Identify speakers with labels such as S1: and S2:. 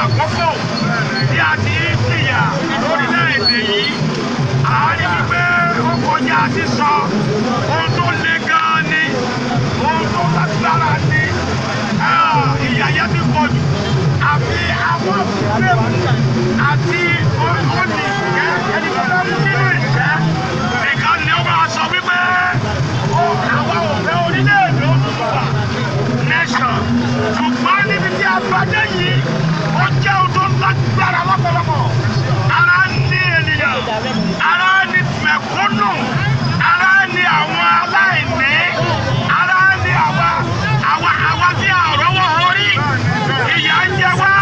S1: àkókò tí a ti ń jìyà lórílẹ̀-èdè yìí
S2: a rí wípé ó kọjá sísọ ohun tó le gan-an ni ohun
S3: tó lágbára ni ìyà yẹn ti pọ̀ jù àfi àwọn fúlẹ̀mù àti olùkọ́ni
S4: ẹni tó lọ́wọ́ nínú ìjẹ́ nìkan ni ó máa sọ wípé àwa ò fẹ́ orílẹ̀-èdè olùkọ́ nation ṣùgbọ́n níbi tí a bá dé yìí lágbára lọ́pọ̀lọpọ̀ ara ní ènìyàn ara ní mẹ̀kúnnù ara ní àwọn aláìní ara ní àwa àwa àwa tí a rọ́wọ́ orí ìyà ń jẹ wá.